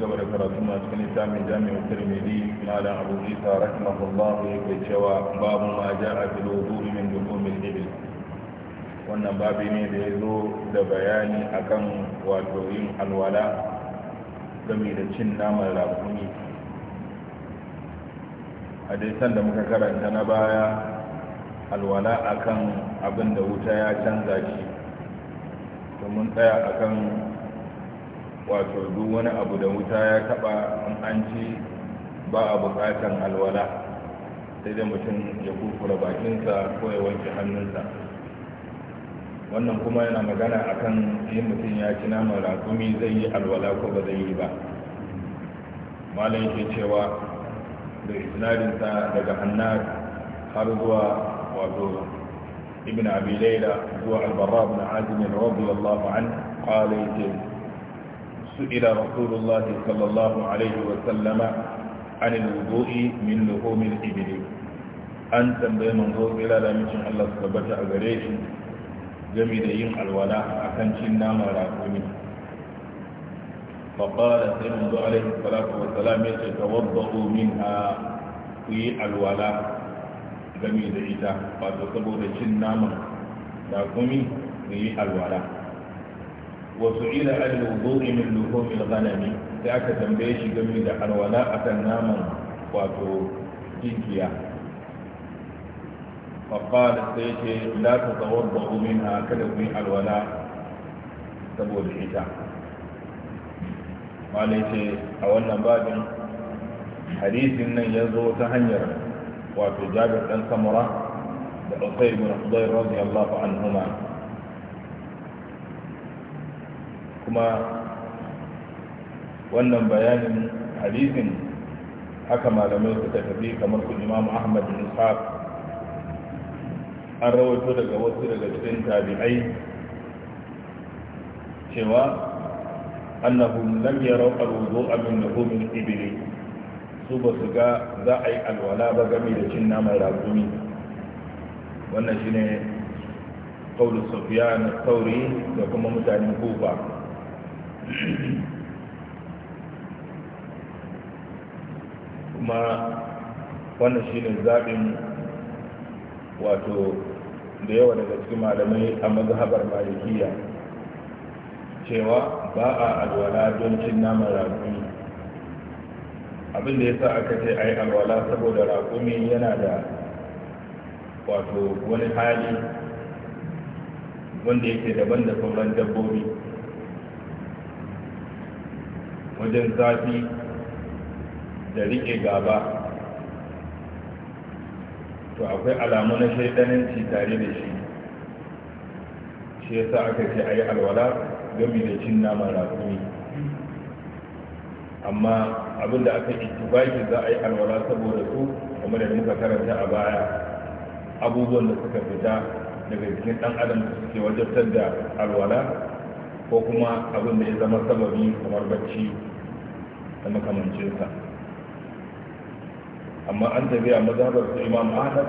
gaba da karatu masu kan littafin jami'in tirmidhi malam abu isa rahimahullah ya kai cewa babu ma a fil wudu'i min mil ibil wannan babi ne da ya zo da bayani akan wato yin alwala game da cin naman rakumi a dai sanda muka karanta na baya alwala akan abin da wuta ya canza shi mun tsaya akan wato duk wani abu da wuta ya taba in an ci ba a bukatan alwala sai da mutum ya kurkura bakinsa ko ya wanke hannunsa wannan kuma yana magana akan yin mutum ya ci naman rakumi zai yi alwala ko ba zai yi ba malam ke cewa da isnadinsa daga hannu har zuwa wato ibn abi laila zuwa albarra ibn azim radiyallahu an qala سئل رسول الله صلى الله عليه وسلم عن الوضوء من لحوم الإبل أن تنبي منظور إلى لامشن الله سبحانه أغريش جميل يم الولاء أكن شنا مراكمي فقال سيد عليه الصلاة والسلام يتوضأوا منها في الولاء جميل إيتا فقال سبحانه شنا مراكمي في الولاء وسئل عن الوضوء من لحوم الغنم sai aka tambaye shi game da alwala akan naman wato jinkiya faƙal sai ce la ta tsawon ba'umin a kada ku yi alwala saboda ita malai ce a wannan babin hadisin nan ya zo ta hanyar wato jabir ɗan Samara da usai bin anhuma kuma wannan bayanin hadisin haka malamai suka tafi kamar su imamu ahmad bin ishaq an rawaito daga wasu daga cikin tabi'ai cewa annahum lam yaraw al-wudu'a min ibli su ba su ga za a yi alwala ba game da cin naman ragumi wannan shine qaulu sufyan al-thawri da kuma mutanen kufa kuma wannan shi ne zaɓin wato da yawa daga cikin malamai a mazhabar malikiya cewa ba a alwala don cin naman raƙumi abin da ya sa aka ce a yi alwala saboda raƙumi yana da wato wani hali wanda yake daban da sauran dabbobi wajen zafi da riƙe gaba to akwai alamu na shaidananci tare da shi shi yasa aka ce a yi alwala gami da cin naman rakumi amma abinda aka ittifaki za a yi alwala saboda su kamar da muka karanta a baya abubuwan da suka fita daga jikin ɗan adam da suke wajabtar da alwala ko kuma abin da ya zama sababi kamar bacci makamance ta amma an tafi a mazhabar su imam ahmad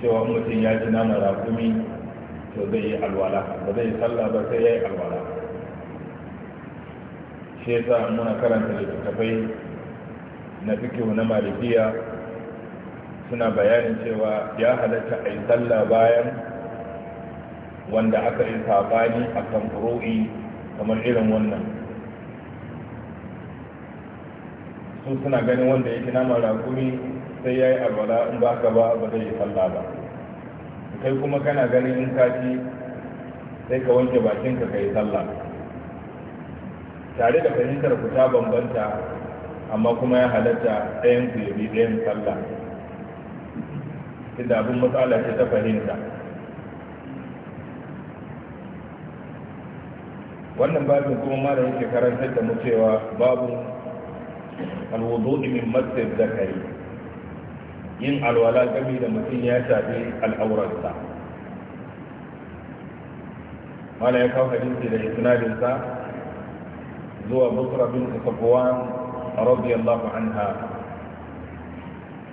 cewa mutum ya ji nama rakumi to zai yi alwala ba zai sallah ba sai ya yi alwala shi yasa muna karanta littattafai na fikihu na malikiya suna bayanin cewa ya halatta a yi sallah bayan wanda aka yi sabani a kan kuro'i kamar irin wannan su suna ganin wanda yake naman rakumi sai ya yi alwala in ba ka ba ba zai yi sallah ba kai kuma kana ganin in ka sai ka wanke bakinka ka yi sallah tare da fahimtar ku ta bambanta amma kuma ya halatta ɗayan ku yabi ɗayan sallah inda abin matsala ce ta fahimta wannan babin kuma mara yake karantar da mu cewa babu alwudu min masjid zakari yin alwala gami da mutum ya shafi al'aurarsa mala ya kawo hadisi da isnadinsa zuwa busra bin safwan radiyallahu anha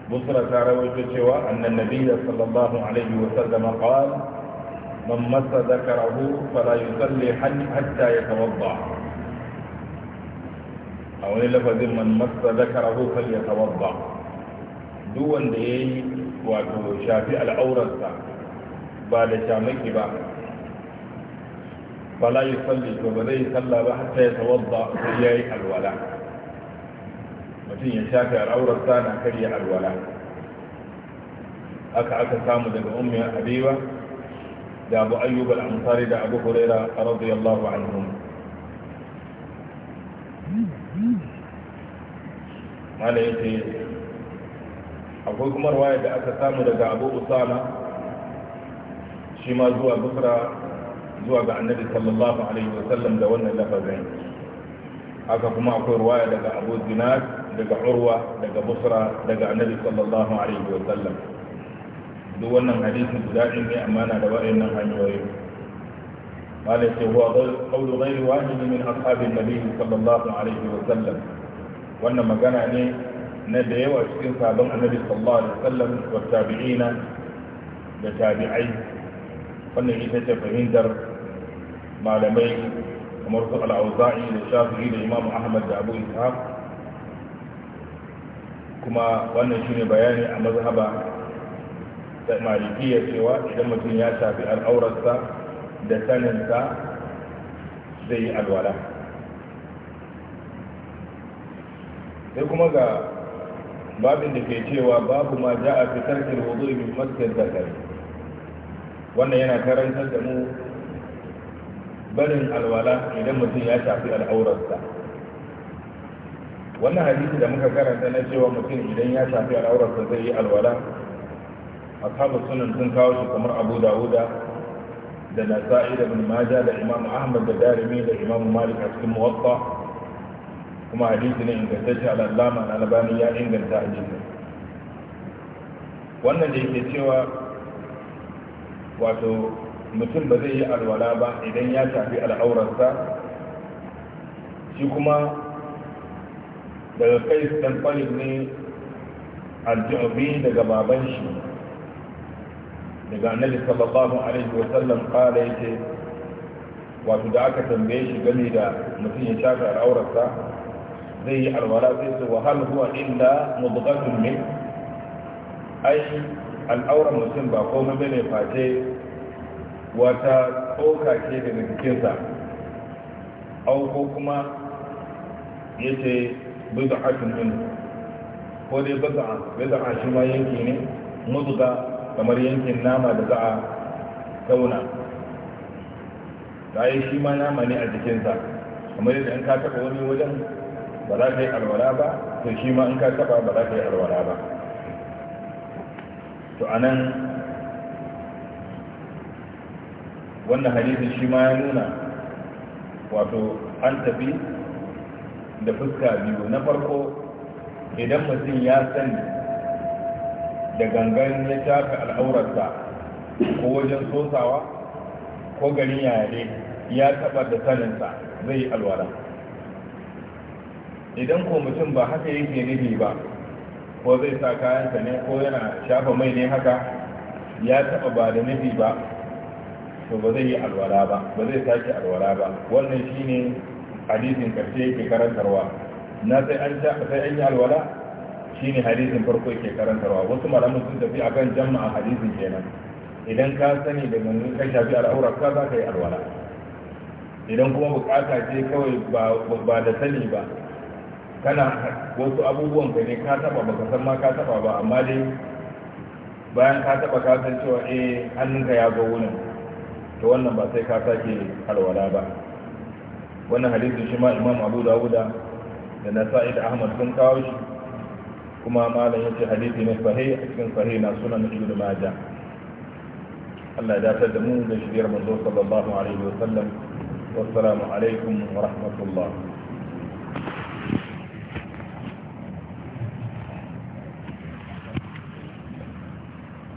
busra ta rawaito cewa annan nabiyya sallallahu alaihi wa sallam qala man massa dhakarahu fala yusalli hatta yatawadda a wani lafazin man masa zakarahu fal yatawadda duk wanda yayi wato shafi al'aurarsa ba da shamaki ba fala yusalli to ba zai salla ba hatta ya tawadda sai yi alwala mutum ya shafi al'aurarsa na karya alwala aka aka samu daga ummi habiba da abu ayyub al-ansari da abu hurairah radiyallahu anhu mala yake akwai kuma ruwaya da aka samu daga abu usama shi ma zuwa busra zuwa ga annabi sallallahu alaihi wa sallam da wannan lafazin haka kuma akwai ruwaya daga abu zinad daga urwa daga busra daga annabi sallallahu alaihi wa sallam duk wannan hadisi guda ɗin ne amma na da waɗannan hanyoyi قال هو قول غير واحد من أصحاب النبي صلى الله عليه وسلم wannan magana ne na da yawa cikin sabon annabi sallallahu alaihi wasallam wa tabi'ina da tabi'ai wannan ita ce fahimtar malamai kamar su al-auza'i da shafi'i da imamu ahmad da abu ishaq kuma wannan shine bayani a mazhaba da malikiya cewa idan mutum ya shafi al'aurarsa da saninsa zai yi alwala sai kuma ga babin da ke cewa babu ma ja a fitar da wudu min masjid zakar wannan yana karantar da mu barin alwala idan mutum ya shafi al'aurarsa wannan hadisi da muka karanta na cewa mutum idan ya shafi al'aurarsa zai yi alwala a ashabu sunan sun kawo shi kamar abu dawuda da nasa'i da bin maja da imam ahmad da darimi da imam malik a cikin muwatta kuma hadisi ne ingantacce al'allama na albani ya inganta a hadisi wannan da yake cewa wato mutum ba zai yi alwala ba idan ya shafi al'aurarsa shi kuma daga kai stanfalin ne aljihobi daga baban shi daga annabi sallallahu alaihi sallam kala yake wato da aka tambaye shi game da mutum ya shafi al'aurarsa zai yi alwala sai su wahal huwa illa mudghatun min ai al'auran mutum ba komai bane face wata tsoka da daga jikinsa au ko kuma yace bid'atun min ko dai bid'a bid'a shi ma yanki ne mudga kamar yankin nama da za a tauna da shi ma nama ne a jikinsa kamar yadda an ka taɓa wani wajen ba za ka yi alwala ba to shi ma in ka taba ba za ka yi alwala ba to a nan wannan hadisin shi ma ya nuna wato an tafi da fuska biyu na farko idan mutum ya sani da gangan ya shafi al'aurarsa ko wajen sosawa ko garin yare ya taba da saninsa zai yi alwala idan ko mutum ba haka yake nufi ba ko zai sa kayansa ne ko yana shafa mai ne haka ya taba ba da nufi ba to ba zai yi alwala ba ba zai sake alwala ba wannan shine hadisin karshe yake karantarwa na sai an sai an yi alwala shine hadisin farko yake karantarwa wasu malaman sun tafi akan jama'a hadisin kenan idan ka sani da ganin ka shafi al'aura ka za ka yi alwala idan kuma bukata ce kawai ba da sani ba kana wasu abubuwan ka ne ka taba baka san ma ka taba ba amma dai bayan ka taba ka san cewa eh hannunka ya ga wurin to wannan ba sai ka sake alwala ba wannan hadisin shi ma imam abu dawud da nasa'i da ahmad sun kawo shi kuma malam yace hadisi ne sahih a cikin sahih na sunan ibnu majah Allah ya dace da mu da shiriyar manzo sallallahu alaihi wa sallam wassalamu alaikum wa rahmatullahi.